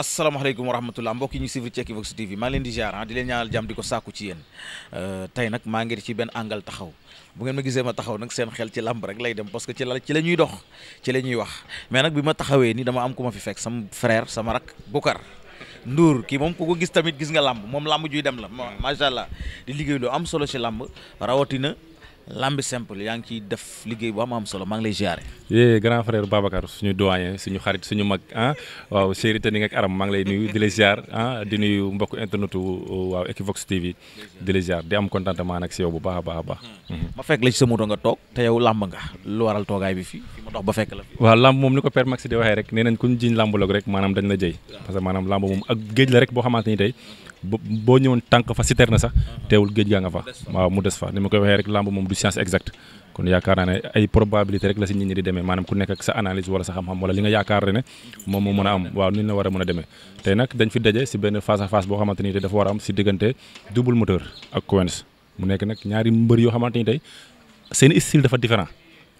asalaamaaleykum wa rahmatulah mbokk yi ñu suivre ci Equivox TV maa ngi leen di ziar ah, di leen ñaanal jàmm di ko sàkku ci yéen euh, tey nag maa ngi ci benn angle taxaw bu ngeen ma gisee ma taxaw nag seen xel ci làmb rek lay dem parce que ci la ci la ñuy dox ci la ñuy wax mais nag bi ma taxawee ni dama am ku ma fi fekk sama frère sama rak Bokar Ndour kii moom ku ko gis tamit gis nga làmb moom làmb juy dem la macha allah di liggéey loo am solo ci làmb rawatina. lambi simple yaa ngi ciy def liggéey bu am am solo maa ngi lay ziare. yee grand frère Babacar suñu doyen suñu xarit suñu mag ah waaw chéri Tening ak Aram maa lay nuyu di la ziar ah di nuyu mbokku internet waaw Equivox TV di la ziar di am contentement a baax a baax. Hmm. ma fekk la ci sa moto nga toog te yow làmb nga lu waral toogaay bi fii fi ma dox ba fekk la. waaw làmb moom ni ko Père Max di waxee rek nee nañ ku ñu làmb loog rek maanaam dañ la jëy parce que maanaam làmb moom ak géej la rek boo xamante ni tey. boo ñëwoon tànk fa citerne sax uh-huh. teewul géej gaa nga fa waaw mu des fa ni ma koy waxee rek lamb moom du science exacte kon yaakaar naa ne ay probabilité rek la si nit ñi di demee maanaam ku nekk sa analyse wala sa xam-xam wala li nga yaakaar ne moom moo mën a am waaw ni a a demee dafa war a am si diggante double moteur nekk nag ñaari mbër yoo xamante ni tey seen style dafa différent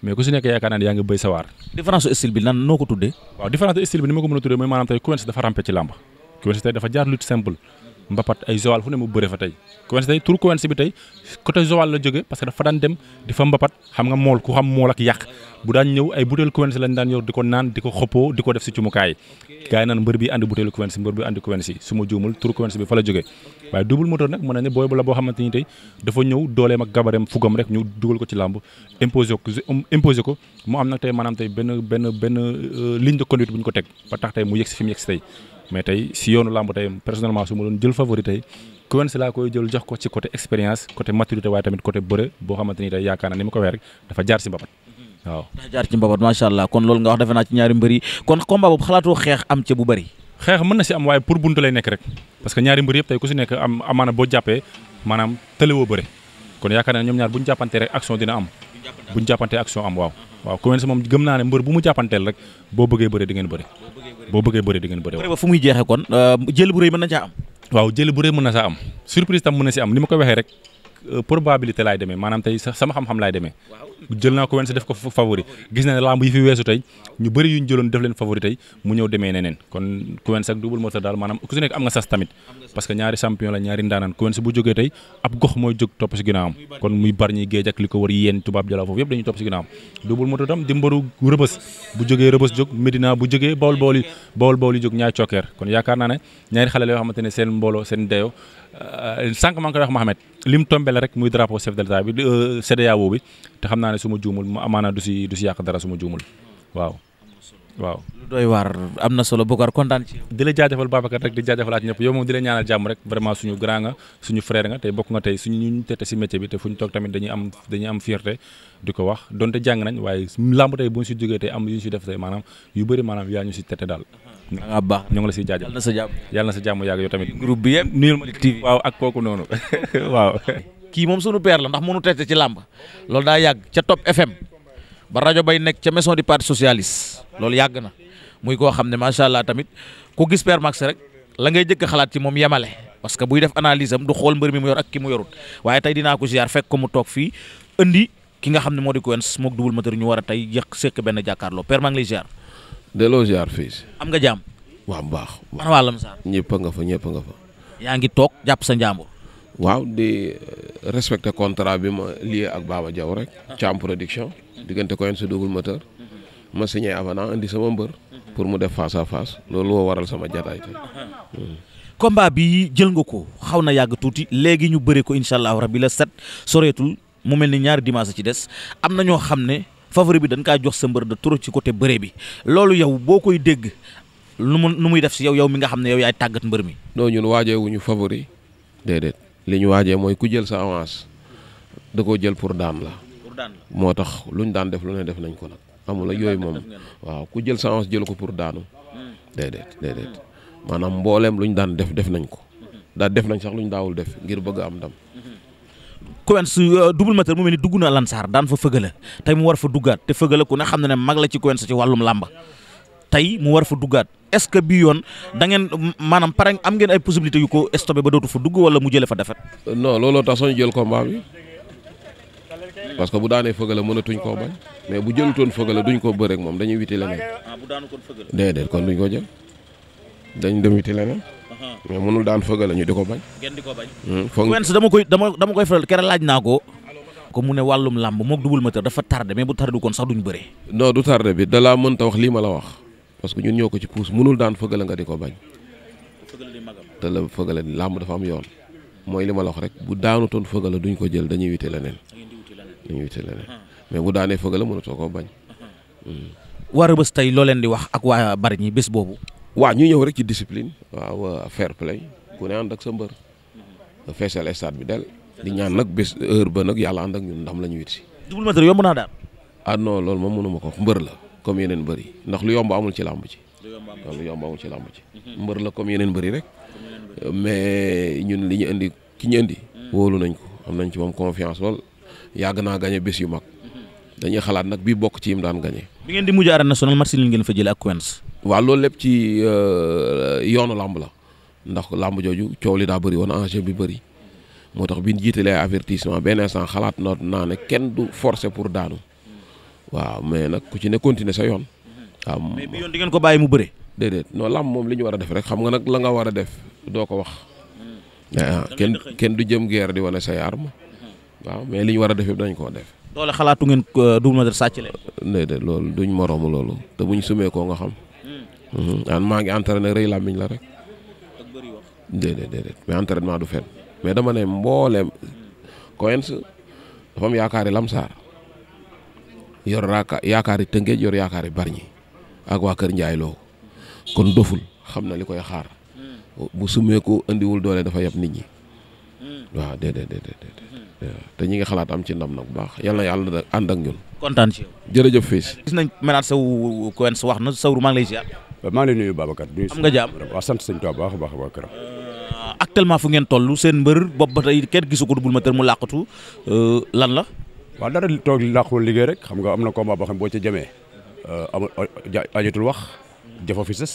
mais ku si nekk a tuddee ci làmb Quench tey dafa jaar lutte simple mbapat ay Joal fu ne mu bëre fa tey Quench tey tur Quench bi tey côté Joal la jóge parce que dafa daan dem di fa mbapat xam nga mool ku xam mool ak yàq bu daan ñëw ay butéelu Quench lañ daan yor di ko naan di ko xoppoo di ko def si cumukaay gars yi naan mbër bi andi butéelu Quench mbër bi andi Quench su ma juumul tur Quench bi fa la jóge waaye double moteur nag mën na ne booy bu la boo xamante ni tey dafa ñëw dooleem ak gabareem fugam rek ñu dugal ko maanaam tey benn benn benn euh, ligne de conduite ba tax tey mu yegsi mais tey si yoonu làmb tey personnellement su ma doon jël favori tey Quench si laa koy jël jox ko ci côté expérience côté maturité waaye tamit côté bëre boo xamante ni tey yaakaar na ni ma ko weer rek dafa jaar si mbapat waaw. dafa jaar ci mbapat macha allah kon loolu nga wax defe naa ci ñaari mbër yi kon combat boobu xalaatoo xeex am ca bu bëri. xeex mën na si am waaye pour buntu lay nekk rek parce que ñaari mbër yëpp tey ku si nekk am amaana boo am buñ jàppantee action am waaw waaw Quench moom gëm naa ne mbër bu mu jàppanteel rek boo bëggee bëri di ngeen bëri boo bëggee bëri di ngeen bëri ba fu muy jeexee kon euh, jël bu rëy mën na caa am waaw jël bu rëy mën na saa am surprise tam mën na si am ni ma ko waxee rek Euh, probabilité laay deme maanaam tey sax sama xam-xam laay demee jël naa ko wen sa def ko favori gis na ne lamb yi fi weesu tey ñu bëri yuñ jëloon def leen favori tey mu ñëw demee neneen kon ku ak double moteur daal maanaam ku si nekk am nga sas tamit parce que ñaari champion la ñaari ndaanaan ku wen sa bu jógee tey ab gox mooy jóg topp si ginnaawam kon muy bar ñi géej ak li ko wër yéen tubaab jalaaw foofu yëpp dañuy topp si ginnaawam double moteur tam di mbaru bu jógee rëbës jóg Medina bu jógee bawol bawol yi naa ne ñaari xale la yoo ne seen mbooloo seen dayo Euh, sànq maa ngi koy wax Mohamed lim tombé rek muy drapeau chef de l'état bi euh, CEDEAO bi te xam naa ne suma ma juumul mu amaana du si du si yàq dara suma ma juumul waaw waaw doy waar am na solo Boucar kontaan ci di la jaajëfal Babacar rek di jaajëfalaat ñëpp yow moom di la ñaanal jàmm rek vraiment suñu grand nga suñu frère nga tey bokk nga tey suñu ñu tete si métier bi te fu ñu toog tamit dañuy am dañuy di ko wax donte jàng nañ waaye làmb tey bu ñu si jógee tey am yu ñu si def tey maanaam yu bëri maanaam yaa ñu si tete daal nga baax ñu la siy jaajëf yàlla na sa jàmm yàlla na sa jàmm yàgg yow tamit groupe bi yëpp nuyul ma TV waaw moom suñu père la ndax mënu tete ci làmb loolu daa yàgg ca Top FM ba rajo bay nekk ca maison du parti socialiste loolu yàgg na muy koo xam ne macha allah tamit ku gis Père Max rek la ngay jëkk xalaat ci moom yemale parce que buy def analyse am du xool mbër mi mu yor ak ki mu yorut waaye tey dinaa ko ziar fekk ko mu toog fii indi ki nga xam ne moo di Quench mook Double Moteur ñu war a tey yëq sekk benn jàkkaarloo Père maa ngi lay ziar. delloo ziar fii. am nga jaam. waaw mbaax. man waa Lamsar. ñëpp nga fa ñëpp nga fa. yaa ngi toog jàpp sa njàmbur. waaw di eh, respecter contrat bi ma lié ak Baba jaw rek. Ah. Thiam production. diggante Quench Double Moteur. Mm-hmm. ma signé avanant indi sama mbër. pour mu def face à face loolu moo waral sama jataay tey. Hmm. combat bi jël nga ko xaw na yàgg tuuti léegi ñu bëri ko incha allahu rabi la set soreetul mu mel ni ñaari a ci des am na ñoo xam ne favori bi dañ kaa jox sa mbër de trop ci côté bëre bi loolu yow boo koy dégg nu mu nu muy def si yow yow mi nga xam ne yow yaay tàggat mbër mi. non ñun waajee wu ñu favori déedéet li ñu waajee mooy ku jël sa avance da koo jël pour daan la. pour moo tax lu ñu daan def lu def nañ ko nag. xam nga yooyu moom waaw ku jël chance jël ko pour daanu déedéet déedéet maanaam mbooleem lu ñu daan def def nañ ko daal def nañ sax lu ñu daawul def ngir bëgg am ndam. Quench euh, double moteur mu mel ni dugg na Lansar daan fa fëgala tey mu war fa duggaat te fëgala ku ne xam na ne mag la ci Quench ci wàllum làmba tey mu war fa duggaat est-ce que bii yoon da ngeen maanaam pare am ngeen ay possibilités yu ko stoppé ba dootu fa dugg wala mu jëlee fa defet non looloo tax soo ñu jël combat bi. parce que bu daanee fëgala mënatuñ koo bañ mais bu jëlutoon fëgala duñ ko bëreek moom dañuy witi leneen. ah bu daanu kon kon duñ ko jël dañ dem witi leneen. mënul daan fëgala ñu di ko bañ. di ko bañ. Hmm, foog Wens dama koy dama dama koy faral keroog laaj naa ko. ko ne wàllum làmb mook Double Moteur dafa tardé mais bu tardé kon sax duñ bëre. non du tardé bi dalaa mënta wax lii ma la wax parce que ñun ñoo ko ci puus mënul daan fëgala nga di ko bañ. te la fëgala làmb dafa am yoon mooy li ma la wax rek bu daanutoon fëgala duñ ko jël dañuy wite leneen li ñuy wute leneen mais bu daanee fëgala mënatoo koo bañ waa Rëbës tey loo leen di wax ak waa bari ñi bés boobu waa ñu ñëw rek ci discipline waaw euh, fair play ku ne ànd ak sa mbër mhm. feesal stade bi del di ñaan nag bés heure ba nag yàlla ànd ak ñun ndam la ñu wit si Double Moteur yomb naa daal ah non loolu moom mënuma ko wax mbër la comme yeneen mbër yi ndax lu yomb amul ci làmb ci lu yomb amul ci làmb ci mhm. mbër la comme yeneen mbër rek mais ñun li ñu indi ki ñu indi mhm. wóolu nañ ko am nañ ci moom confiance lool yàgg naa gagné bés yu mag dañuy xalaat nag bii bokk ci yim daan gagné. bi ngeen di mujj arène nationale match li ngeen fa jëlee ak Queens. waaw loolu lépp ci euh, yoonu làmb la ndax làmb jooju coow li daa bëri woon enjeu bi bari moo tax bii ñu jiitalee avertissement benn xalaat na naa ne kenn du forcer pour daanu waaw mais nag ku ci ne continuer sa yoon. waaw mais di ngeen ko bàyyi mu bëre. déedéet non làmb moom li ñu war a def rek xam nga nag la nga war a def doo ko wax. Mm. Ah, kenn kenn du jëm guerre di wane say arme waaw mais li ñu war a def yëpp dañ koo def. doole xalaatu ngeen euh, Double Moteur sàcc leen. déedéet loolu duñ moroomu loolu te buñ sumee koo nga xam. daan hmm. hmm. maa ngi entraîné rëy làmmiñ la rek. ak bëri wax. déedéet déedéet du fen mais dama ne mbooleem. Coens dafa am yaakaari Lamsaar yor raaka yaakaari Tëngéej yor yaakaari Bargny ak waa Kër njaay loo kon doful xam na li koy xaar hmm. bu sumee ko andiwul doole dafa yab nit ñi waaw te ñi ngi xalaat am ci ndam nag bu baax yal na yàlla ànd ak ñun. kontaan ci yow. jërëjëf Fils. gis nañ menaat saw Coence wax na Sawru maa ngi lay ziar. maa ngi lay nuyu Babacar. am nga jàmm waaw sant sëñ Tuubaa baax a baax a baax këram. Euh, actuellement fu ngeen toll seen mbër bopp ba tey kenn gisu ko dubul ma tër mu làqatu euh, lan la. waaw dara toog làqul liggéey rek xam nga am na combat boo xam boo ca jëmee. Euh, amul ajatul wax. jafa fi sës.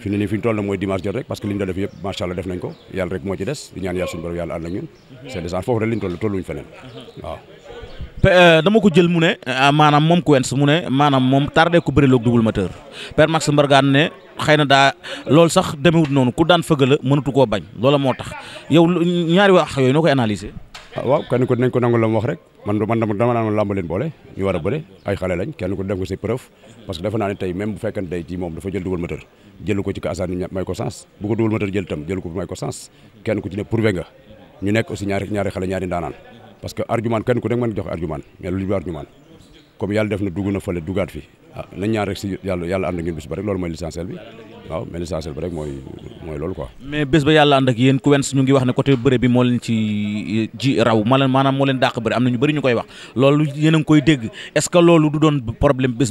fi ne nii fi ñu toll na mooy dimanche jot rek parce que li ñu def nañ ko yàlla rek moo ci des di ñaan yàlla suñu borom yàlla ànd ak ñun c'est des foofu rek li ñu toll tolluñ euh, dama ko jël mu ne euh, maanaam moom Quench mu ne maanaam moom tardé ku bëri loog double moteur Père Max Mbargane ne xëy na daa loolu sax demewut noonu ku daan fëgg mënatu koo bañ loola moo tax yow ñaari wax yooyu noo koy analyser ah, waaw ko nañ ko nangu la mu wax rek man a bëre kenn ko def ko sa preuve parce que dafa tey même bu fekkante tey ci moom dafa jël double moteur jël ko ci ko Assane ña may ko sens bu ko dugal moteur jël itam jël ko may ko sens kenn ku ci ne prouvé ñu nekk aussi ñaari ñaari ñaari ndaanaan parce que argument kenn ku nekk mën jox argument mais lu ah, loolu mooy l'essentiel bi mais l'essentiel bi rek mooy loolu quoi. mais bés ba yàlla ànd ak yéen ku wens ñu ngi wax ne côté bëre bi moo leen ci ji raw maanaam moo leen dàq bëre am na ñu bëri ñu koy wax loolu yéen a ngi koy dégg est que loolu du doon problème bés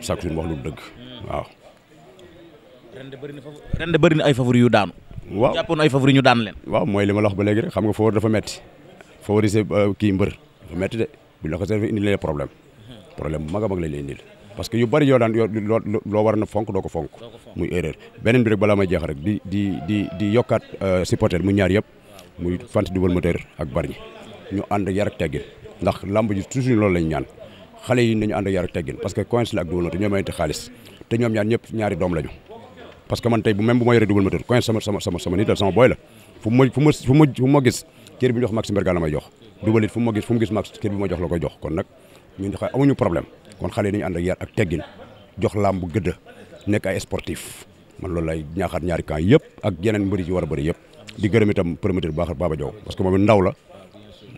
chaque jour mu wax lu dëgg waaw. ren de bëri na favori ren de ay favori yu daanu. waaw jàppoon ay favori ñu daan leen. waaw mooy li ma la ba léegi rek xam nga favori dafa metti favoriser euh, kii mbër dafa metti de bu la ko servi indi leen problème problème bu mag a mag lañ lay parce que yu bari yoo daan yoo loo war na fonk doo ko fonk. muy erreur beneen bi rek balaa may jeex rek di di di di yokkaat euh, supporter mu ñaar yëpp muy fant Double Moteur ak Bargny ñu ànd yar ak teggin ndax lamb ji toujours loolu lañ ñaan. xale yi nañu ànd ak yar ak teggin parce que coince la ak double moteur ñoo mayante xaalis te ñoom ñaar ñëpp ñaari doom lañu parce que man tey bu ay sportif man loolu yëpp ak yeneen mbëri ci war a yëpp di gërëm itam promoteur bu baax Baba Diaw parce que moom ndaw la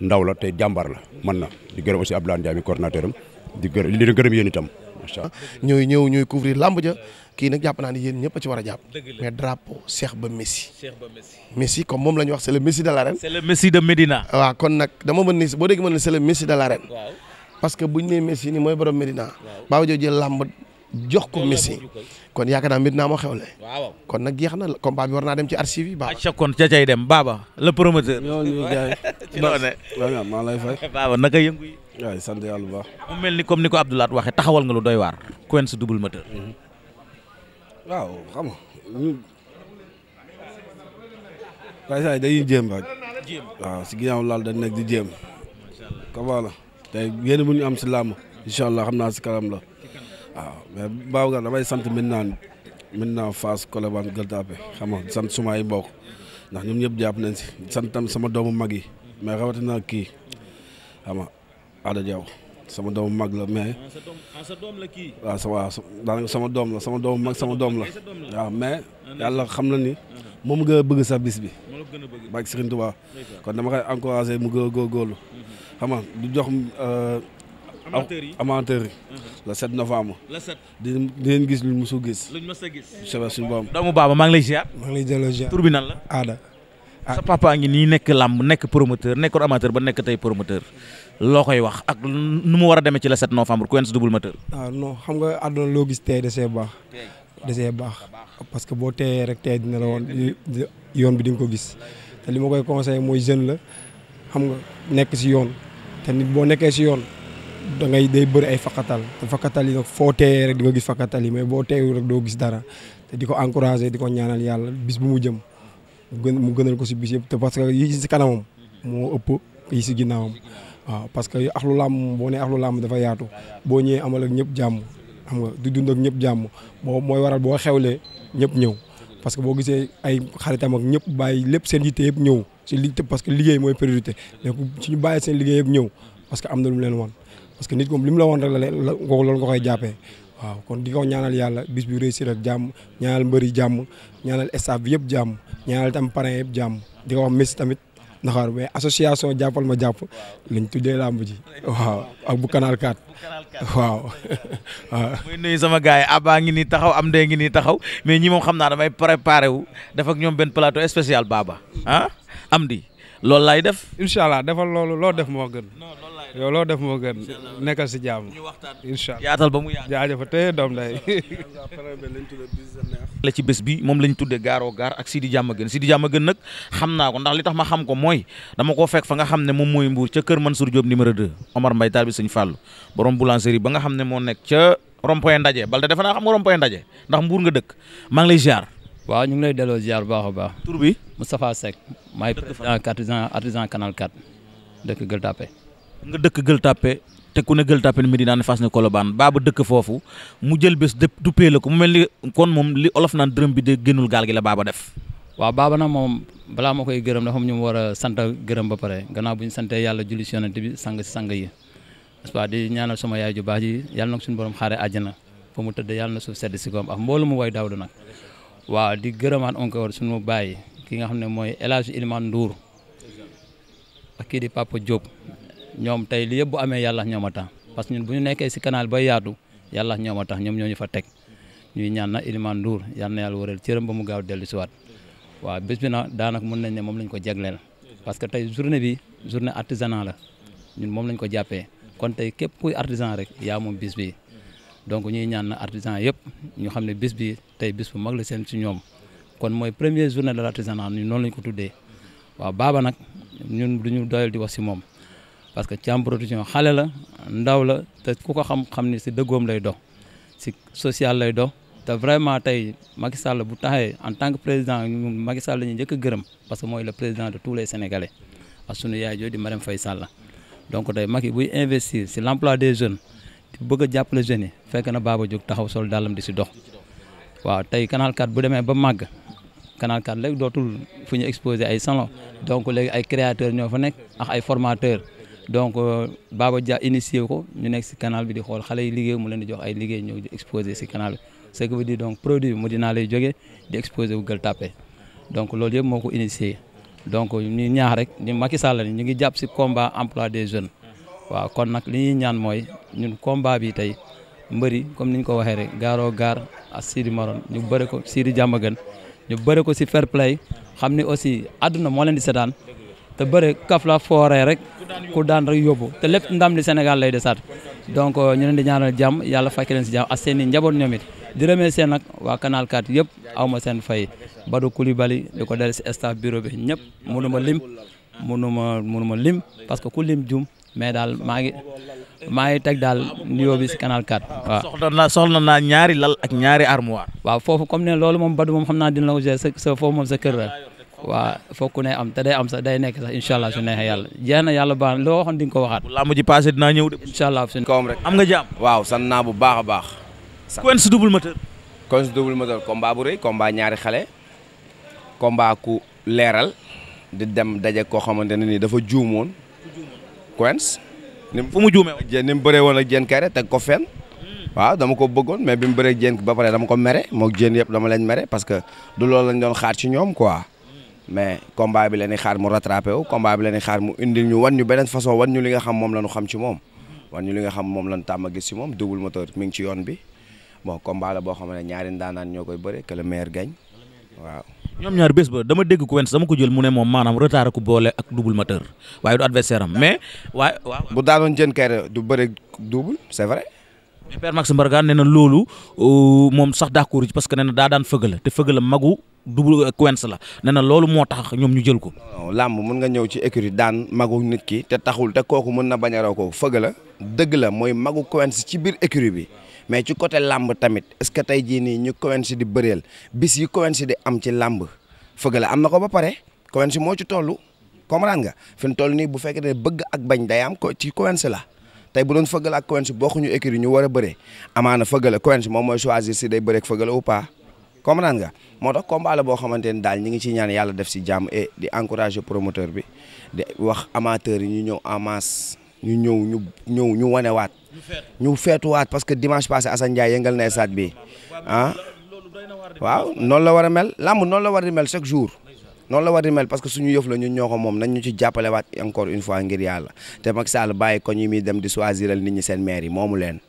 ndaw la te jàmbaar la man na di gërëm aussi Abdoulaye Ndiaye mi coordinateur am di gërëm di gërëm itam macha allah. Ah, ñëw ñooy couvrir làmb ja kii nag jàpp naa ne yéen ñëpp ci war a jàpp. mais drapeau Cheikh Ba Messi. Messi comme moom la ñu wax c'est le Messi de l'arène. c'est le Messi de Medina. waaw kon nag dama mën ni boo déggee ma ne c'est le Messi de l'arène. waaw parce que bu ñu nee Messi nii mooy borom Medina. waaw baaw làmb jox ko Messi. kon yaakaar naa mbir naa moo xewle. waaw kon nag jeex na combat bi war naa dem ci archive yi. a ayca kon ca cay dem baba le promoteur. ñoo fay. baba naka yëngu yi. waaw sant yàlla bu baax. mu mel ni comme ni ko Abdoulaye waxee taxawal nga lu doy waar. Quench double moteur. Mm-hmm. waaw xam nga ñun. waaye saa yi dañuy jéem rek. si ginnaaw laal dañ nekk di jéem. macha allah comme voilà tey bu ñu am si làmb. incha allah xam naa si karam la. waaw ah, mais Babacar damay sant maintenant maintenant Fass Colobane Gueule Tapée xam nga sant suma ay mbokk ndax ñoom ñëpp jàpp nañ si sant tam sama doomu mag yi mais rawatina kii xam nga Ada Diaw sama doomu mag la mais ah, ah, waaw sa waaw daanaka doom la sama doomu mag sama doom la waaw mais xam na ni moom nga bëgg sax bis bi bàyyi Serigne Touba kon dama koy encouragé mu gën a góorgóorlu mhm. du jox euh, amateurs yi amateurs yi. Mhm. le 7 novembre. le 7 di leen gis gis. luñ mës a gis. incha suñu borom. doomu baaba maa ngi lay maa ngi lay delloo ziar tur bi nan la. aada. sa papa ngi nii nekk làmb nekk promoteur nekkoon amateur ba nekk tey promoteur loo koy wax ak nu mu war a demee ci le 7 novembre Quench double moteur. ah non xam nga àdduna loo gis tey desee baax. desee baax parce que boo teeyee rek tey dina la woon yoon bi di nga ko gis te li ma koy conseillé mooy jeune la xam nga nekk si yoon te nit boo nekkee si yoon. da ngay day bëri ay fakkatal te foo teeyee rek di nga gis fakkatal yi mais boo teewul rek doo gis dara te di ko encouragé di ko ñaanal yàlla bis bu mu jëm mu gënal ko si bis yëpp te parce que yi si kanamam moo ëpp yi si ginnaawam waaw parce que axlu làmb boo nee axlu làmb dafa yaatu boo ñëwee amal ak ñëpp jàmm xam nga du dund ak ñëpp jàmm boo mooy waral boo xewlee ñëpp ñëw parce que boo gisee ay xaritam ak ñëpp bàyyi lépp seen yitte yëpp ñëw si li parce que liggéey mooy priorité mais ñu bàyyi seen liggéey yëpp ñëw parce que am na lu mu leen wan parce que nit moom li la woon rek la la loolu nga koy jàppee waaw kon di ko ñaanal yàlla bis bi réussir ak jàmm ñaanal mbëri jàmm ñaanal staff bi yëpp jàmm ñaanal tam parrain yëpp jàmm di ko wax tamit naxaar mais association jàppal ma jàpp lañ tuddee làmb ji waaw ak bu canal 4 waaw waaw muy nuyu sama gars yi Abba ngi nii taxaw am dee ngi nii taxaw mais ñi moom xam naa damay préparé wu def ak ñoom benn plateau spécial baaba ah am di loolu laay def incha allah defal loolu loo def yow loo def moo gën nekkal si jàmm incha allah yaatal ba mu yaatu jaajëf te doom day la ci bés bi moom lañ tuddee gaaro gaar ak Sidi Diamaguène Sidi gën nag xam naa ko ndax li tax ma xam ko mooy dama koo fekk fa nga xam ne moom mooy mbuur ca kër Mansour Diop numéro 2 Omar Mbaye taal bi sëñ Fallou borom boulangerie ba nga xam ne moo nekk ca rond-point ndaje Balde defe naa xam nga rond-point ndaje ndax mbuur nga dëkk man ngi lay ziar waaw ñu ngi lay delloo ziar bu baax a baax tur bi Moustapha Seck maay président artisan artisan canal 4 dëkk Gueule Tapée nga dëkk Gueule Tapée te ku ne Gueule Tapée ne Médina ne Fass ne Colobane baaba dëkk foofu mu jël bés dëpp duppee la ko mu mel ni kon moom li olof naan dërëm bi de génnul gaal gi la baaba def waaw baaba na moom balaa moo koy gërëm dafa am ñu mu war a sant gërëm ba pare gannaaw bu ñu santee yàlla julli si yonent bi sang si sang yi n'est-ce pas di ñaanal sama yaay ju baax ji yàlla na suñu borom xaare àjjana fa mu tëdd yàlla na suuf sedd si ak mboolu mu way dawlu nag waaw di gërëmaat encore suñu bàyyi ki nga xam ne mooy El Hadj Ilimane Ndour ak ñoom tey li yëpp bu amee yàlla ñoom a tax parce que ñun ñu nekkee si canal bay yaatu yàlla ñoom a tax ñoom ñoo ñu fa teg ñuy ñaan na Iliman Ndour yal na yàlla wëral cëram ba mu gaaw dellu si waat waaw bés bi nag daanaka mën nañ ne moom lañu ko jagleel parce que tey journée bi journée artisanat la ñun moom lañ ko jàppee kon tey képp kuy artisan rek yaa moom bis bi donc ñuy ñaan na artisan yëpp ñu xam ne bis bi tey bis bu mag la seen si ñoom kon mooy première journée de l'artisanat ñun noonu lañ ko tuddee waaw baaba nag ñun du ñu doyal di wax si moom parce que Thiam production la ndaw la ku ko xam-xam ni si dëggoom lay dox si social lay dox te vraiment tey Macky Sall bu taxee en tant que président Macky Sall ñu njëkk a parce que mooy le président de tous les Sénégalais ak sunu yaay jooju di Marème Faye Sall donc tey Macky buy investir si l' emploi des jeunes bëgg a jàppale jeunes yi na baaba jóg taxaw sol dàllam di si dox waaw tey canal 4 bu demee ba màgg canal 4 léegi dootul fu ñu exposé ay salon donc léegi ay créateurs ñoo fa nekk ak ay formateurs. donc euh, Baba Dia initié ko ñu nekk si canal bi di xool xale yi liggéey mu leen di jox ay liggéey ñëw di si canal bi ce qui veut dire donc produit bi mu dinaa lay jógee di exposé wu Gueule Tapée donc loolu yëpp moo ko initié donc ñu ñaax rek ñu Macky Sall ñu ngi jàpp si combat emploi des jeunes waaw kon nag li ñuy ñaan mooy ñun combat bi tey mbëri comme niñ ko waxee rek gaaroo gaar ak Sidi Maron ñu bëri ko Sidi Diamaguène ñu bëri ko si fair play xam ni aussi àdduna moo leen di te bëri kaf la rek ku daan rek yóbbu te lépp ndam li Sénégal lay desaat donc euh, ñu leen di ñaanal jàmm yàlla fàkki leen si jàmm ak seen njaboot ñoom it di remercier nag waa Canal 4 yëpp aw ma seen fay Badou Coulibaly di ko dale si staff bureau bi ñëpp mënu ma lim mënu ma mënu ma lim parce que ku lim jum mais daal maa ngi maa ngi teg daal nuyoo bi si Canal 4 waaw. soxla naa soxla naa ñaari lal foofu comme ne loolu moom Badou moom xam dina la ko jël sa sa foofu moom sa waa foog ku ne am te day am sax day nekk sax incha allah su neexee yàlla jeex yàlla baax na loo waxoon di nga ko waxaat. bu làmb ji passé dinaa ñëw de. incha allah su kawam rek am nga jàmm. waaw sant naa bu baax a baax. sant Quench double moteur. Quench double moteur combat bu rëy combat ñaari xale. combat ku leeral. di dem daje koo xamante ne ni dafa juumoon. Quench. ni fu mu juumee woon. ni mu bëree woon ak Diène Kairé teg ko fenn. waaw dama ko bëggoon mais bi mu ba pare dama ko mere moog Diène yëpp dama leen mere parce que du loolu lañ doon xaar ci ñoom quoi. mais combat bi la ñuy xaar mu rattrapé wu combat bi la ñuy xaar mu indil ñu wan ñu beneen façon wan ñu li nga xam moom la ñu xam ci moom wan ñu li nga xam moom la ñu tàmm a gis ci moom double moteur mi ngi ci yoon bi bon combat la boo xam ne ñaari ndaanaan ñoo koy bëre que le meilleur gagne waaw. ñoom ñaar bés ba dama dégg ku wens dama ko jël mu ne moom maanaam retard ku boole ak double moteur waaye du adversaire am mais waaye waaw. bu daanoon jën kayre du bëre double c'est mais Père Max Mbargane nee na loolu euh, moom sax d'accord ci parce que nee daa daan fëgala te fëgala magu double Quench la nee na loolu moo tax ñoom ñu jël ko. làmb mën nga ñëw ci écurie daan magu nit ki te taxul te kooku mën na bañ a raw ko fëgala dëgg la mooy magu Quench ci biir écurie bi. mais ci côté làmb tamit est que tey jii nii ñu Quench di bëreel bis yi Quench di am ci làmb fëgg la am na ko ba pare Quench moo ci toll comprendre nga fi mu toll nii bu fekkee ne bëgg ak bañ day am ko ci Quench la. tey bu doon fëggal ak Quench bokkuñu écurie ñu war a bëree amaana fëggala Quench moom mooy choisir si day bëreeg fëggala ou pas comprendre nga moo tax combat la boo xamante ni daal ñi ngi ci ñaan yàlla def si jàmm et di encourager promoteur bi di wax amateur yi ñu ñëw en masse ñu ñëw ñu ñëw ñu wanewaat ñu feetuwaat parce que dimanche passé Assane Ndiaye yëngal na stade bi ah waaw noonu la war a mel làmb noonu la war a mel chaque jour noonu la war di mel parce que suñu yëf la ñun ñoo ko moom nañ ñu ci jàppale waat encore une fois ngir yàlla te Macky Sall bàyyi ko ñu muy dem di choisiral nit ñi seen maire yi moomu leen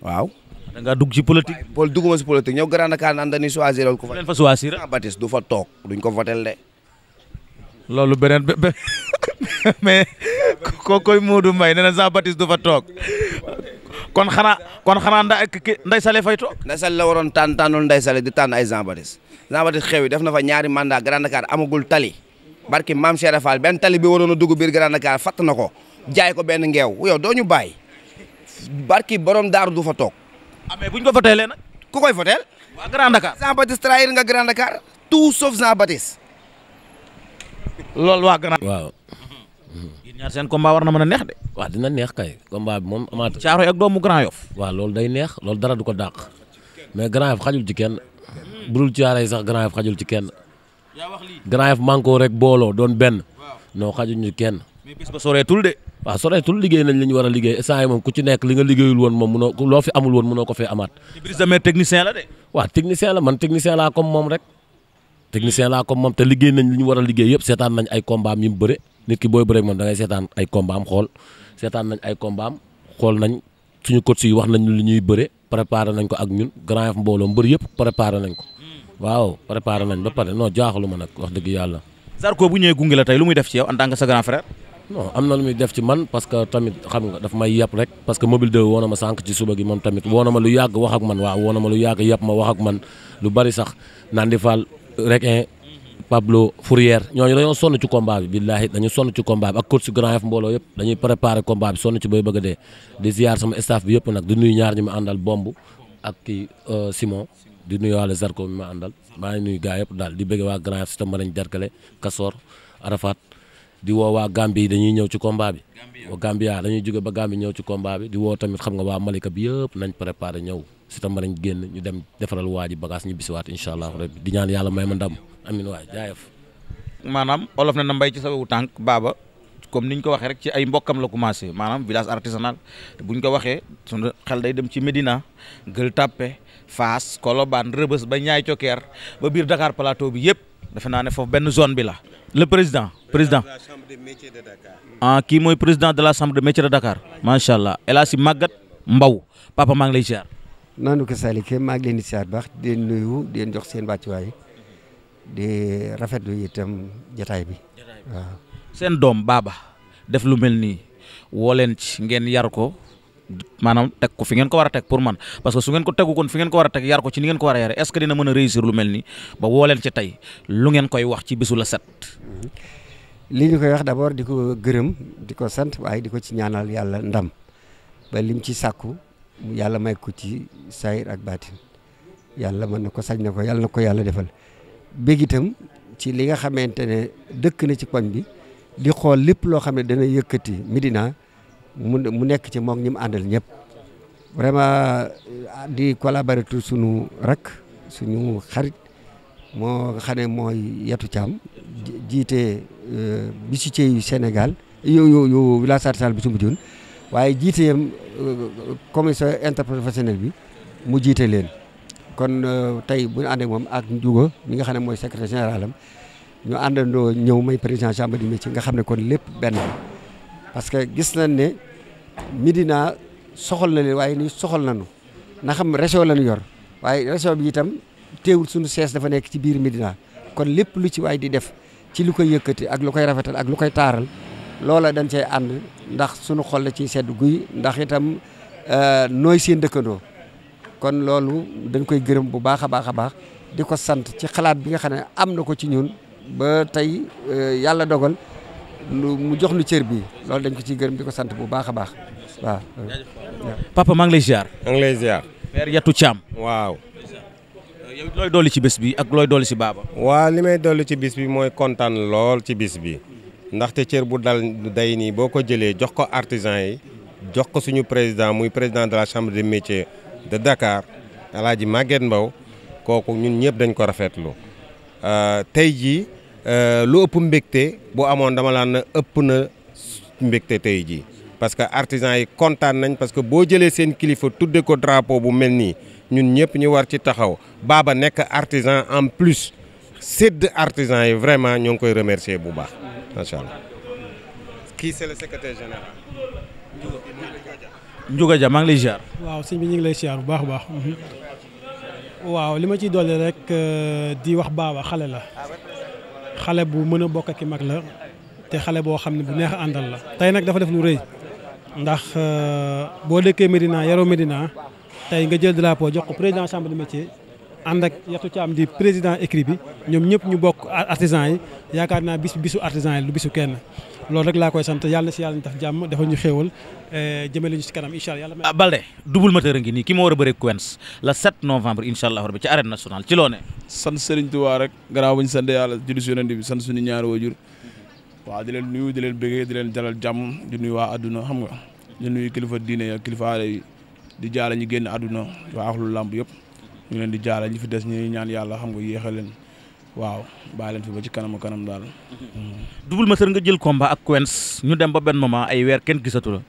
waaw. da ngaa dugg ci politique. bool dugguma si politique ñëw Grand Dakar naan dañuy choisiral ku fa. leen fa choisir ah, Baptiste du fa toog duñ ko votel de. loolu beneen mais kooku koy Moodu Mbaye nee sa Jean Baptiste du fa toog. kon xanaa kon xanaa nda ki Ndeye Sale fay toog. Ndeye Sale la waroon tànn tànnul Ndeye Sale di tànn ay Jean Baptiste Jean Baptiste xew def na fa ñaari mandat Grand Dakar amagul tali barki mam Cheikh Fall benn tali bi waroon a dugg biir Grand fatt na ko jaay ko benn ngeew yow doo ñu bàyyi barki borom daar du fa toog. ah bu ñu ko votelee nag. ku koy voteel. waa Grand Dakar Jean Baptiste trahir nga Grand Dakar waaw. ñaar seen combat war na mën a neex de. waaw dina neex kay combat bi moom amaat. Caaroy ak doomu Grand Yoff. waaw loolu day neex loolu dara du ko dàq mais Grand Yoff xajul ci kenn budul Caaroy sax Grand Yoff xajul ci kenn Grand Yoff manko rek booloo doon benn non xajul ñu kenn. mais bis ba soreetul de. waaw soreetul liggéey nañ li ñu war a liggéey saa yi moom ku ci nekk li nga liggéeyul woon moom munoo fi amaat. technicien la de. waaw technicien la man technicien laa comme moom technicien laa comme moom te liggéey nañ li ñu war a liggéey yëpp seetaan nañ ay combaam yi mu bëre nit ki booy bëre moom da ngay seetaan ay combaam xool seetaan nañ ay combaam xool nañ suñu coach yi wax nañ li ñuy bëre préparé nañ ko ak ñun grand F mbooloo mbër yëpp préparé nañ ko waaw préparé nañ ba pare non jaaxalu ma nag wax dëgg yàlla. Zarko bu ñëwee gunge la tey lu muy def ci yow en tant que sa grand frère. non am na lu muy def ci man parce que nga daf ma sànq ci ma lu yàgg wax ak man requin eh, Pablo ñoo ñu dañoo sonn ci combat bi billaahi dañu sonn ci combat bi ak coach Grand Yoff mbooloo yëpp dañuy préparer combat bi sonn ci bay bëgg a dee di ziar sama staff bi yëpp nag di nuyu ñaar ñu ma àndal bomb ak kii euh, Simon di nuyu waale Zarko mi ma àndal maa ngi nuyu gaa yëpp daal di bëgg waa Grand Yoff si tam ma lañ jarkale Kasoor Arafat di woo waa Gambie yi dañuy ñëw ci combat bi. Gambia Gambia dañuy jóge ba Gambie ñëw ci combat bi di woo tamit xam nga waa Malika bi yëpp nañ préparé ñëw si tam lañ ñu dem defaral waa ji bagage ñu bisiwaat incha allah rabbi di ñaan yàlla may ma ndam amin waay jaayef. maanaam olof na na mbay ci sa wu tànk baaba comme niñ ko waxee rek ci ay mbokkam la commencé maanaam village artisanal buñ ko waxee sunu xel day dem ci Médina Gueule Tapée Fass Colobane Rebeuss ba Niayes Thioker ba biir Dakar Plateau bi yëpp. defe naa ne foofu benn zone bi la le président président ah kii mooy président de la chambre de métier de Dakar macha allah El i Maguette Mbaw papa maa ngi lay ziar. naanu ko Salike maa ngi leen di ziar baax di nuyu di leen jox seen wàccuwaay di rafetlu itam jataay bi seen doom baaba def lu mel nii woo leen ci ngeen yar ko. maana teg ko fi ngeen ko war a teg pour man parce que su ngeen ko tegu kon fi ngeen a teg yar ko ci ni ko war a yare est ce que dina mën a réussir lu mel ni ba woo leen ci tey lu ngeen koy wax ci bisu la set. li ñu koy wax d' abord di ko gërëm di ko sant waaye di ko ci ñaanal yàlla ndam ba lim ci sàkku yàlla may ko ci saayir ak baatin yàlla mën na ko sañ na ko yàlla na ko yàlla defal bég itam ci li nga xamante ne dëkk na ci koñ bi di xool lépp loo xam ne dana yëkkati Medina. mu nekk ci moom ñi mu àndal ñëpp vraiment di collaborer tout suñu rak suñu xarit moo nga xam ne mooy yetu caam jiite euh, bi si yu Sénégal yow yow yow village Sarr bi su mu jun waaye jiite euh, commission interprofessionnelle bi mu jiite leen kon euh, tey bu ñu àndee moom ak njugo mi nga xam ne mooy secrétaire général am ñu àndandoo ñëw may président chambre du métier nga xam ne kon lépp benn parce gis nañ ne Médina soxal na leen waaye lii soxal nañu na xam région la yor waaye région bi itam teewul sunu sees dafa nekk ci biir Médina kon lépp lu ci waay di def ci lu koy yëkkati ak lu koy rafetal ak lu koy taaral loola dañ cee ànd ndax suñu xol la ciy sedd guy ndax itam euh, nooy seen dëkkandoo kon loolu dañ koy gërëm bu baax a baax a baax di ko sant ci xalaat bi nga xam ne am na ko ci ñun ba tey euh, yàlla dogal lu mu jox lu cër bi loolu dañ ko ciy gër di ko sant bu baax a baax waaw. papa maa ngi lay ziar. maa ngi lay ziar. père Yatou Thiam. waaw. yow looy dolli ci bés bi ak looy dolli ci baaba. waa li may dolli ci bis bi mooy kontaan lool ci bis bi ndaxte cër bu dal day nii boo ko jëlee jox ko artisan yi jox ko suñu président muy président de la chambre des métiers de Dakar El Hadj Maguette Mbow kooku ñun ñëpp dañ ko rafetlu euh, tey jii Euh, lu ëpp mbégte bu amoon dama laa na ëpp na mbégte tey jii parce que artisan yi kontaan nañ parce que boo jëlee seen kilifa tudde ko drapeau bu mel nii ñun ñëpp ñu war ci taxaw baaba nekk artisan en plus sedd artisan yi vraiment ñoo ngi koy remercier bu baax macha allah. kii c'est secrétaire général. Ndiouga Dia lay ziar. waaw ñu ngi lay ziar bu baax a baax. waaw li ma ciy dolli rek euh, di wax baaba xale la. xale bu mën a bokk ak mag la te xale boo xam ne bu neex a àndal la. tey nag dafa def lu rëy ndax euh, boo dëkkee Medina yaroo Medina tey nga jël drapeau jox ko président chambre de métier. ànd ak Yatou Thiam di président écrit bi ñoom ñëpp ñu bokk artisan yi yaakaar naa bis bisu artisan yi du bisu kenn loolu rek laa koy sant yàlla na si yàlla ñu tax jàmm dafa ñu xéewal eh, jëmale ñu si kanam incha allah. ah Balde double moteur a ngi nii ki ma war a bëre Quench la 7 novembre incha allah rabi ci arène nationale ci loo ne. sant Serigne Touba rek gannaaw bu ñu sant yàlla julli si yonent bi sant suñu ñaari waajur waaw di leen nuyu di leen bëggee di leen jalal jàmm di nuyu waa adduna xam nga di nuyu kilifa diine ak kilifa aada yi di jaala ñu génn àdduna waa axlu làmb yëpp ñu leen di jaale ñi fi des ñu ñaan yàlla xam nga yéexe leen waaw bàyyi leen fi ba ci kanam kanam daal. ma mm-hmm. Moteur nga jël komba ak Quench ñu dem ba benn moment ay weer kenn gisatu la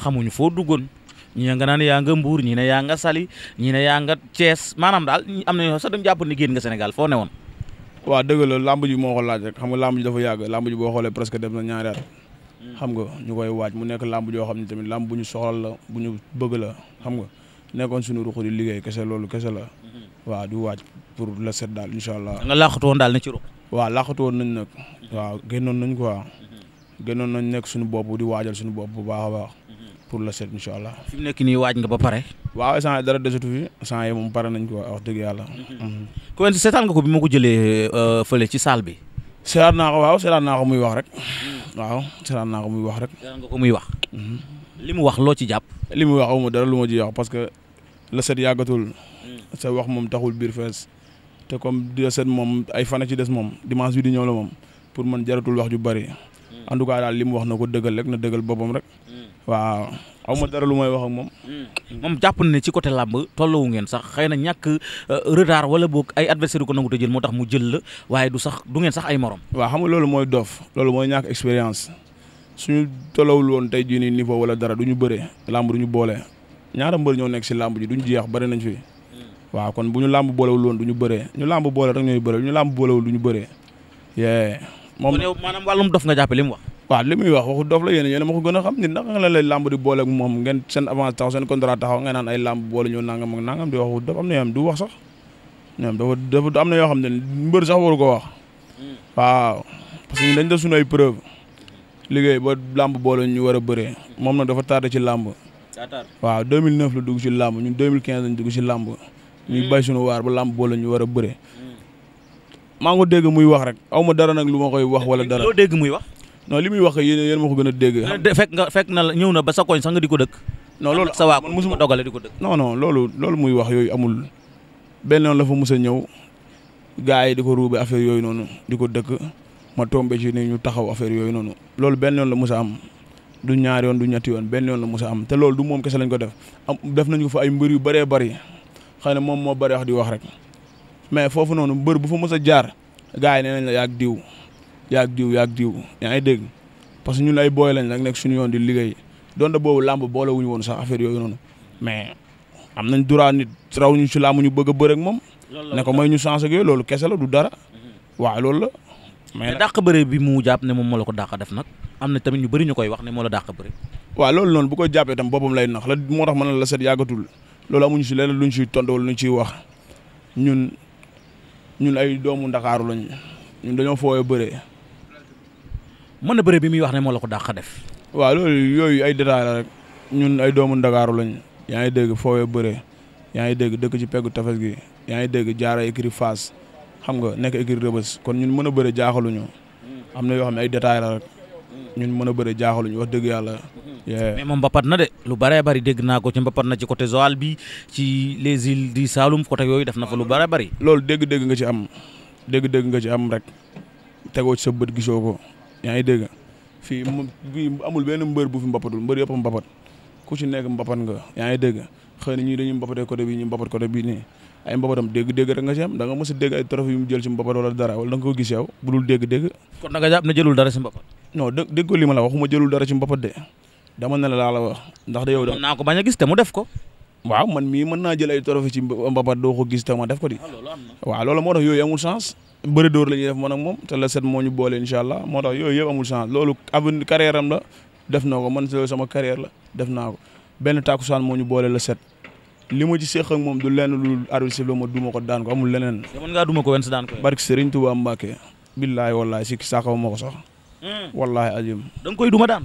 xamuñu foo duggoon ñi nga naan yaa nga Mbour ñi ne yaa nga Saly ñi ne yaa nga Thiès maanaam daal am na ñoo sax dañu jàpp ni génn nga Sénégal foo newoon. waaw dëgg la làmb ji moo ko laaj rek xam nga làmb ji dafa yàgg làmb ji boo xoolee presque dem na ñaari at. Mm. xam nga ñu koy mu nekk làmb joo xam ne tamit làmb bu ñu soxal la bu ñu bëgg la xam nga. nekkoon suñu ruq di liggéey kese loolu kese la. Mm-hmm. waaw du waaj pour la set daal incha allah. nga laaxatu woon daal na ci ruq. waaw laaxatu woon nañ nag. Mm-hmm. waaw génnoon nañ quoi. Mm-hmm. noon nañ nekk suñu bopp di waajal suñu bopp bu baax a baax. pour la set incha allah. fi mu nekk nii waaj nga ba pare. waaw instant dara desatu fi instant yii moom pare nañ ko wax dëgg yàlla. Quench seetaan nga ko bi ma ko jëlee euh, fële ci salle bi. seetaan naa ko waaw seetaan naa ko muy wax rek. waaw seetaan naa ko muy wax rek. seetaan muy wax. li mu loo ci jàpp. li mu wax aw ma dara lu ma la set yàggatul mm. sa wax moom taxul biir fees te comme di la set moom ay fan ci des moom dimanche bi di ñëw la moom pour man jaratul wax ju bari mm. en tout cas daal li mu wax na ko dëggal rek na dëggal boppam rek mm. waaw aw ma dara lu mooy wax moom. moom jàpp na ne ci côté làmb tollawu ngeen sax xëy na ñàkk euh, retard wala boog ay adversaire ko nangu te jël moo tax mu jël la waaye du sax du ngeen sax ay morom. waa xam nga loolu mooy doof loolu mooy ñàkk expérience suñu tollawul woon tey jii nii niveau wala dara du ñu bëree làmb du ñu boole ñaara mbër ñoo nekk si làmb ji duñ jeex bëri nañ fi waaw kon bu ñu làmb boolewul woon du ñu bëree ñu làmb boole rek ñooy bëree ñu làmb boolewul du ñu bëree yee moom yow maanaam wàllum dof nga jàppe li mu wax waaw li muy wax waxu dof yéen yéen ma ko gën xam nit naka la lay làmb moom ngeen seen avance taxaw seen contrat taxaw nga naan ay làmb ñoo nangam ak nangam di am na yoo xam du wax sax ñoom dafa dafa am na yoo xam ne mbër sax waru ko wax waaw parce que dañ def suñu ay preuve liggéey ba làmb boole ñu war a bëree moom nag dafa tardé ci làmb waaw 2009 la dugg ci làmb ñun 2015 lañ dugg ci làmb. Mm. ñuy bay suñu waar ba làmb boole ñu war a bëre. Mm. maa ngi dégg muy wax rek aw ma dara nag lu ma koy wax wala dara. loo dégg muy wax. non li muy wax yéen yéen ma ko gën a dégg. fekk nga fekk na la ñëw na ba sa koñ sax nga di ko dëkk. non loolu sa waa man mosuma di ko dëkk. non non loolu loolu muy wax yooyu amul benn la fa mus a ñëw gars yi di ko ruube affaire yooyu noonu di ko dëkk ma tombé ci ni ñu taxaw affaire yooyu noonu loolu benn yoon la mos a am du ñaar yoon du ñetti yoon benn yoon la mos a am te lool du moom kese lañ ko def def nañ ko fa ay mbër yu bëree bëri xëy na moom moo bëri wax di wax rek mais foofu noonu mbër bu fa mos a jaar gars yi nee nañ la yaag diw yaag diw yaag diw yaa ngi dégg parce que ñun ay booy lañ rek nekk suñu yoon di liggéey donte boobu làmb boole wuñu woon sax affaire yooyu noonu mais am nañ droit nit raw ñu ci làmb ñu bëgg a bëre ak moom. ne ko may ñu chance ak yooyu loolu kese la du dara. Mhm. waaw loolu la. mais dàq bëre bi mu jàpp ne moom moo la ko dàq def nag. am na tamit ñu bëri ñu koy wax ne moo la dàq bëri waaw loolu noonu bu ko jàppee tam boppam lay nax la moo tax mën na la set yàggatul loolu amuñu si leneen luñ siy tond wala luñ siy wax ñun ñun ay doomu ndakaaru lañ ñun dañoo fooyee bëree mën na bëri bi muy wax ne moo la ko dàq def waaw yooyu ay détails la rek doomu ndakaaru lañ yaa ngi dégg fooyee bëree yaa ngi dégg dëkk ci peggu tafes gi yaa ngi dégg jaara écrit face xam nga nekk écrit rëbës kon ñun mën a bëre jaaxaluñu hmm. am na yoo xam ne ay détails rek ñun mën a bëre ñu wax dëgg yàlla. mais moom mbapat na de lu bare bari dégg naa ko ci mbapat na ci côté Joal bi ci les îles di saalum côté yooyu def na fa lu bare bari. loolu dégg-dégg nga ci am dégg-dégg nga am rek tegoo ci sa gisoo ko yaa ngi dégg fii amul benn mbër bu fi mbapatul mbër yëpp mbapat ku ci nekk mbapat nga yaa ngi dégg xëy na ñii dañuy mbapatee côté bi ñu mbapat côté bi nii ay mbapatam nga ci am yu mu jël ci mbapat wala dara wala da nga ko gis yow bu dul dégg-dégg. kon da nga jàpp ne jëlul dara ci mbapat no dë déggoo li ma la waxuma jëlul dara ci mbapat de dama ne la laa la wax ndax de yow. mën naa ko a gis te mu def ko. waaw man mii mën naa jël ay trophée ci mbapat doo ko gis te ma def ko di. Ah, waaw loolu moo tax yooyu amul chance. bëri dóor la ñuy def man ak moom te la set moo ñu boole incha allah moo tax yooyu yëpp amul chance loolu avenir carrière am def naa ko man sama carrière la def naa ko benn tàkkusaan moo ñu boole la set li ma ci ak moom du lenn lu arbitre siffle ma duma ko daan ko amul leneen. mën ngaa duma ko wenn si daan ko. barke Serigne Touba Mbacke. billaay wallaay si Hmm. wallahi azim da nga koy duma daan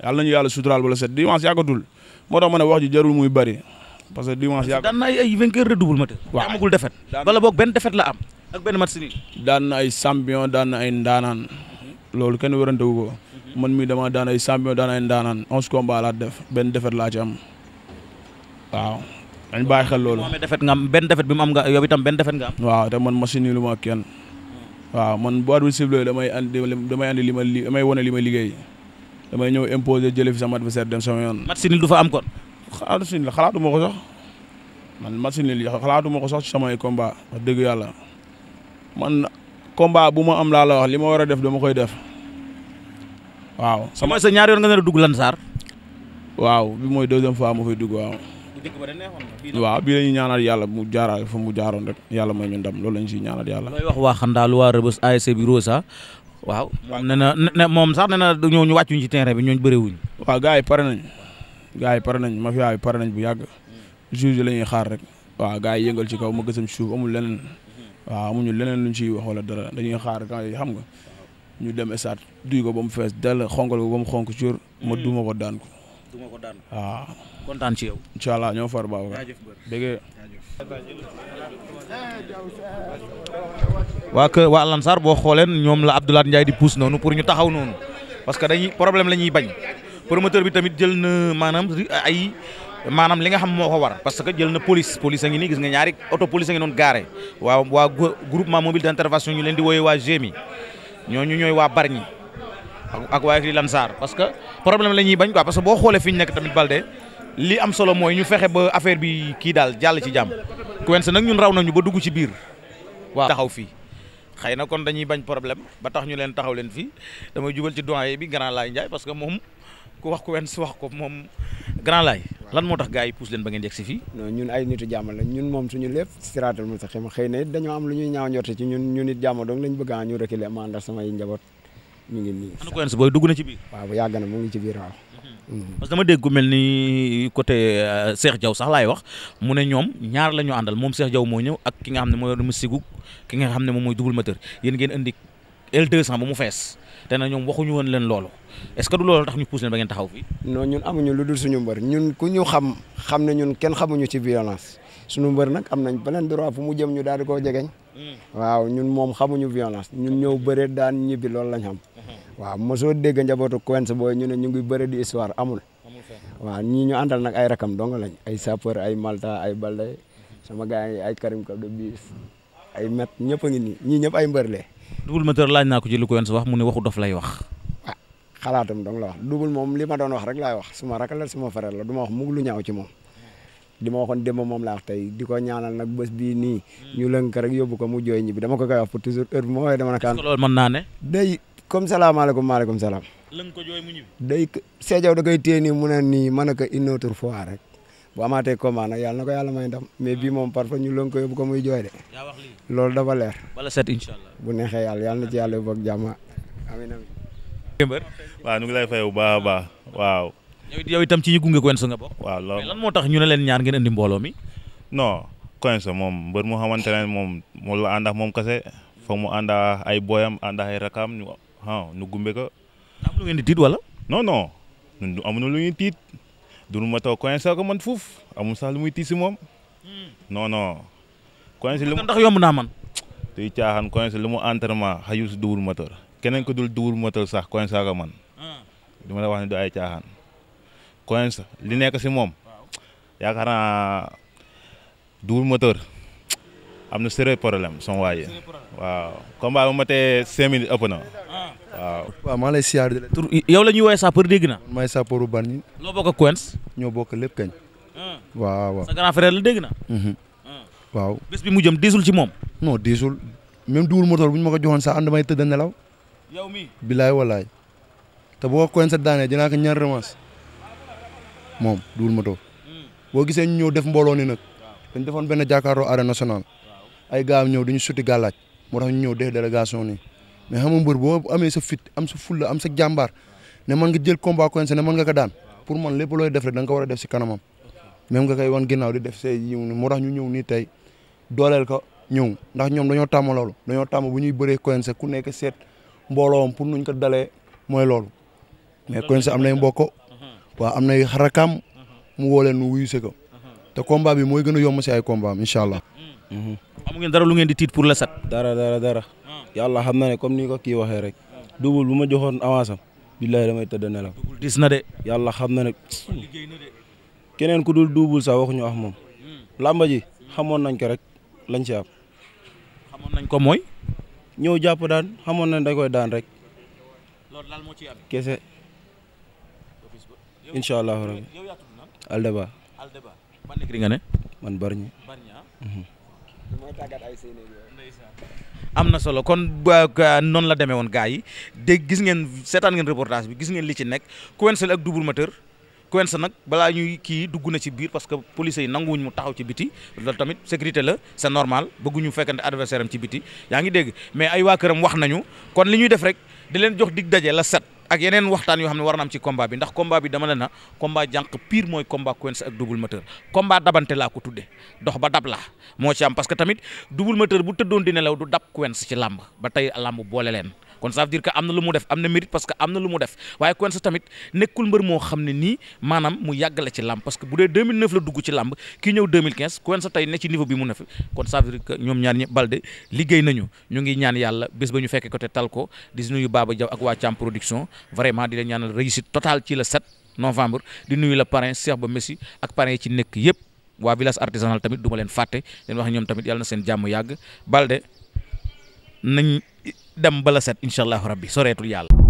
yàlla nañu yàlla suturaal bala set dimanche yàggatul moo tax ma ne wax ji jarul muy bari parce que dimanche yàgg daan na ay ay vainqueur de double moteur waaw amagul benn defet am ak benn match nii daan ay champion daan ay ndaanaan loolu kenn wérante wu ko man mii dama daan ay champion daan ay ndaanaan onze combat laa def benn defet laa ci am waaw dañ bàyyi xel loolu defet nga am benn defet bi nga benn defet nga am waaw te man machine yi lu kenn waaw man bu arbitre sifflé damay andi damay andi li ma li damay wane li liggéey damay ñëw imposer jëlee fi sama adversaire dem sama yoon. match nul du fa am kon. xalaatu si la xalaatu ma ko sax man match nul xalaatu ma ko sax ci samay combat wax dëgg yàlla man combat bu ma am laa la wax li ma war a def dama koy def waaw. sama sa ñaar yoon nga ne dugg Lansar. waaw bi mooy deuxième fois moo fay dugg waaw. waaw bii la ñuy yàlla mu jaaraale fa mu jaaroon rek yàlla may ñu ndam lool la ñu siy ñaanal yàlla. looy wax waa Xanda waa Rëbës ASC bi waaw. moom nee na ne moom sax nee na ñu wàccuñ ci terrain bi ñooñu bëriwuñ. waaw gars yi pare nañ gaa yi pare nañ mafia bi pare nañ bu yàgg hmm. juge yi la ñuy xaar rek waa gars yi yëngal ci kaw ma gësam suuf amul leneen hmm. waaw amuñu leneen luñ ciy wax walla dara dañuy xaar gars yi xam nga ñu dem esaat duy ko ba mu fees dell xongal ko ba mu xonk cuur ma hmm. duma ko daan ko. kontaan ci yow. incha allah ñoo far baax a bëgg. waa kër waa Lansar boo xooleen ñoom la Abdoulaye Ndiaye di pousse noonu pour ñu taxaw noonu parce que dañuy problème la ñuy bañ promoteur bi tamit jël na maanaam ay maanaam li nga xam moo ko war parce que jël na police police a ngi nii gis nga ñaari auto police a ngi noonu garé waaw waa groupement mobile d'intervention ñu leen di wooyee waa GMI ñooñu ñooy waa Bargny ak waa Lansar parce que problème la bañ quoi parce que boo xoolee fi ñu nekk tamit Balde. li am solo mooy ñu fexe ba affaire bi kii daal jàll ci jàmm Quench nag ñun raw nañu ba dugg ci biir waaw taxaw fii xay na kon dañuy bañ problème ba tax ñu leen taxaw leen fii damay jubal ci doyen bi grand laay Ndiaye parce que moom ku wax ku Quench wax ko moom grand laay tax gars yi pousse leen ba ngeen yegg si fii non ñun ay nitu jàmm la ñun moom suñu lépp siraatal mustaqim xëy na it dañoo am lu ñuy ñaaw njorte ci ñun ñun it jàmm doong lañ bëgg a ah, ñu reculer ma ndax samay njaboot ñu ngi nii Quench booy dugg na ci biir waaw bu yàgg na mu ngi ci biir waaw parce que dama dégg ku mel ni côté euh, Cheikh Diaw sax laay wax mu ne ñoom ñaar la ñu àndal moom Cheikh Diaw moo ñëw ak ki nga xam ne mooy musigu ki nga xam ne moom mooy double moteur yéen ngeen indi L200 ba mu fees te na ñoom waxuñu woon leen loolu est-ce que du loolu tax ñu pousse leen ba ngeen taxaw fii. non ñun amuñu lu dul suñu mbër ñun ku ñu xam xam ne ñun kenn xamuñu ci violence suñu mbër nag am nañ beneen droit fu mu jëm ñu daal di koo jegeñ waaw ñun moom xamuñu violence ñun ñëw bëree daan ñibbi loolu lañ xam. waaw ma mosoo dégg jabootu Quench booy ñu ne ñu ngi bëre di histoire amul. waaw ñii ñu àndal nag ay rakam dong lañ ay sapeur ay Malta ay Balde sama gars yi ay Karim Kabdo bis ay met ñëpp a ngi nii ñii ñëpp ay mbërle. double moteur laaj naa ko ci lu Quench wax mu ne waxu dof lay wax. a ah, xalaatam dong la wax double moom li ma doon wax rek laay wax suma rakk la suma frère la du ma wax mukk lu ñaaw ci moom. di ma waxoon démb moom laa wax tey di ko ñaanal nag bés bii nii hmm. ñu lënk rek yóbbu ko mu jooy ñibbi dama ko koy wax pour toujours heure bu ma dama na kaan naa day comme salaamaaleykum maaleykum salaam lënk ko jooy mu ñibbi day seejaw da koy téye mu na nii mën a ko une autre fois rek bu amaatee combat nag yàlla na ko yàlla may ndam mais bii moom parfois ñu lënk ko yóbbu ko muy jooy de loolu dafa leer bala set bu neexee yàlla yàlla na ci yàlla yóbbu ak jàmm amiin amiin waaw ñu bu baax a baax waaw yow itam ci ñi gunge Coenso bokk. lan moo tax ñu ne leen ñaar ngeen indi mbooloo mi. non Coenso xamante ne moom moo la ànd moom kese foog mu ànd ay booyam ànd ak ay gumbe ko. am lu lu ñuy tiit du man fuuf amul sax lu muy tiit si moom. Hmm. non non. Coenso li mu ndax yomb naa man. tuy mu entraînement xajul si double moteur keneen ko dul double moteur sax Coenso ko man. li hmm. ma la wax ne du ay caaxaan. Quench li nekk si moom yaakaar naa double moteur am na sérieux problème son waaye waaw combat a matee cinq minutes ëpp na ah. waaw. waaw maa lay siyaar di la. tur yow la ñuy woowee sapeur dégg na. maay sapeur Bargny. ñoo bokk ak Quench. ñoo bokk lépp kañ. Ah. waaw waaw na. Mhm. Ah. waaw bés bi mu jëm diisul ci moom. non diisul même double moteur bu ñu ma ko joxoon sax ànd may tëdd nelaw. yow mi bilaay walaay te boo ko Quench daanee dinaa ko ñaar revanche moom Double Moto boo gisee ñu ñëw def mbooloo ni nag dañ defoon benn jàkkaarloo arène nationale ay gars ñëw dañu suti gàllaaj moo tax ñu ñëw délégation nii mais xam nga mbër amee sa fit am sa fulla am sa jàmbaar ne mën nga jël combat coincé ne mën nga ko daan pour man lépp looy def rek da war a def si kanamam même nga koy wan ginnaaw di def say yiw ni moo tax ñu ñëw nii tey dooleel ko ñëw ndax ñoom dañoo tàmm loolu dañoo tàmm bu ñuy bëree se ku nekk seet mbooloom pour nuñ ko dalee mooy loolu mais coincé am nañ mbokk waaw am na nay xarakaam mu woo leen wuyu si ko te combat bi mooy gën a yomb si ay combat am allah. Mhm. amu ngeen dara lu ngeen di tiit pour la sat dara dara dara yàlla xam na ne comme ni ko kii waxee rek. double bu ma joxoon avance am. billahi damay tëdd nelaw. dis na de. yàlla xam na ne. keneen ku dul double sax ñu wax moom. làmba ji xamoon nañ ko rek lañ si am. xamoon nañ ko mooy. ñëw jàpp daan xamoon nañ da koy daan rek. loolu moo ciy am kese. incha allahu rabbi aldeba man barñi ah. mhm. am na solo kon noonu la demee woon gars yi dégg gis ngeen seetaan ngeen reportage bi gis ngeen li ci nekk Quenchel ak double moteur Quenchel nag balaa ñuy kii dugg na ci biir parce que police yi ñu mu taxaw ci biti loolu tamit sécurité la c'est normal bëgguñu fekkante adversaire am ci biti yaa ngi dégg mais ay waa këram wax nañu kon li ñuy def rek di leen jox dig daje la set ak yeneen waxtaan yoo xam ne war na ci combat bi ndax combat bi dama ne na combat jànq piir mooy combat Quench ak double moteur combat dabante laa ko tudde dox ba dab laa moo ci am parce que tamit double moteur bu tëddoon di nelaw du dab Quench ci làmb ba tey làmb boole leen kon ça veut dire que am na lu mu def am na mérite parce que am na lu mu def waaye Quench tamit nekkul mbër moo xam ne nii maanaam mu yàgg la ci làmb parce que bu dee 2009 la dugg ci làmb kii ñëw 2015 Quench tey ne ci niveau bi mu ne fi kon ça veut dire que ñoom ñaar ñi Balde liggéey nañu ñu ngi ñaan yàlla bés ba ñu fekkee ko te tal di nuyu Baba Diaw ak waa Thiam production vraiment di leen ñaanal réussite totale ci le 7 novembre di nuyu la parrain Cheikh Ba Messi ak parrain yi ci nekk yëpp waa village artisanal tamit du ma leen fàtte leen wax ñoom tamit yàlla na seen jàmm dem bala set incha allahu rabbi soreetul yàlla.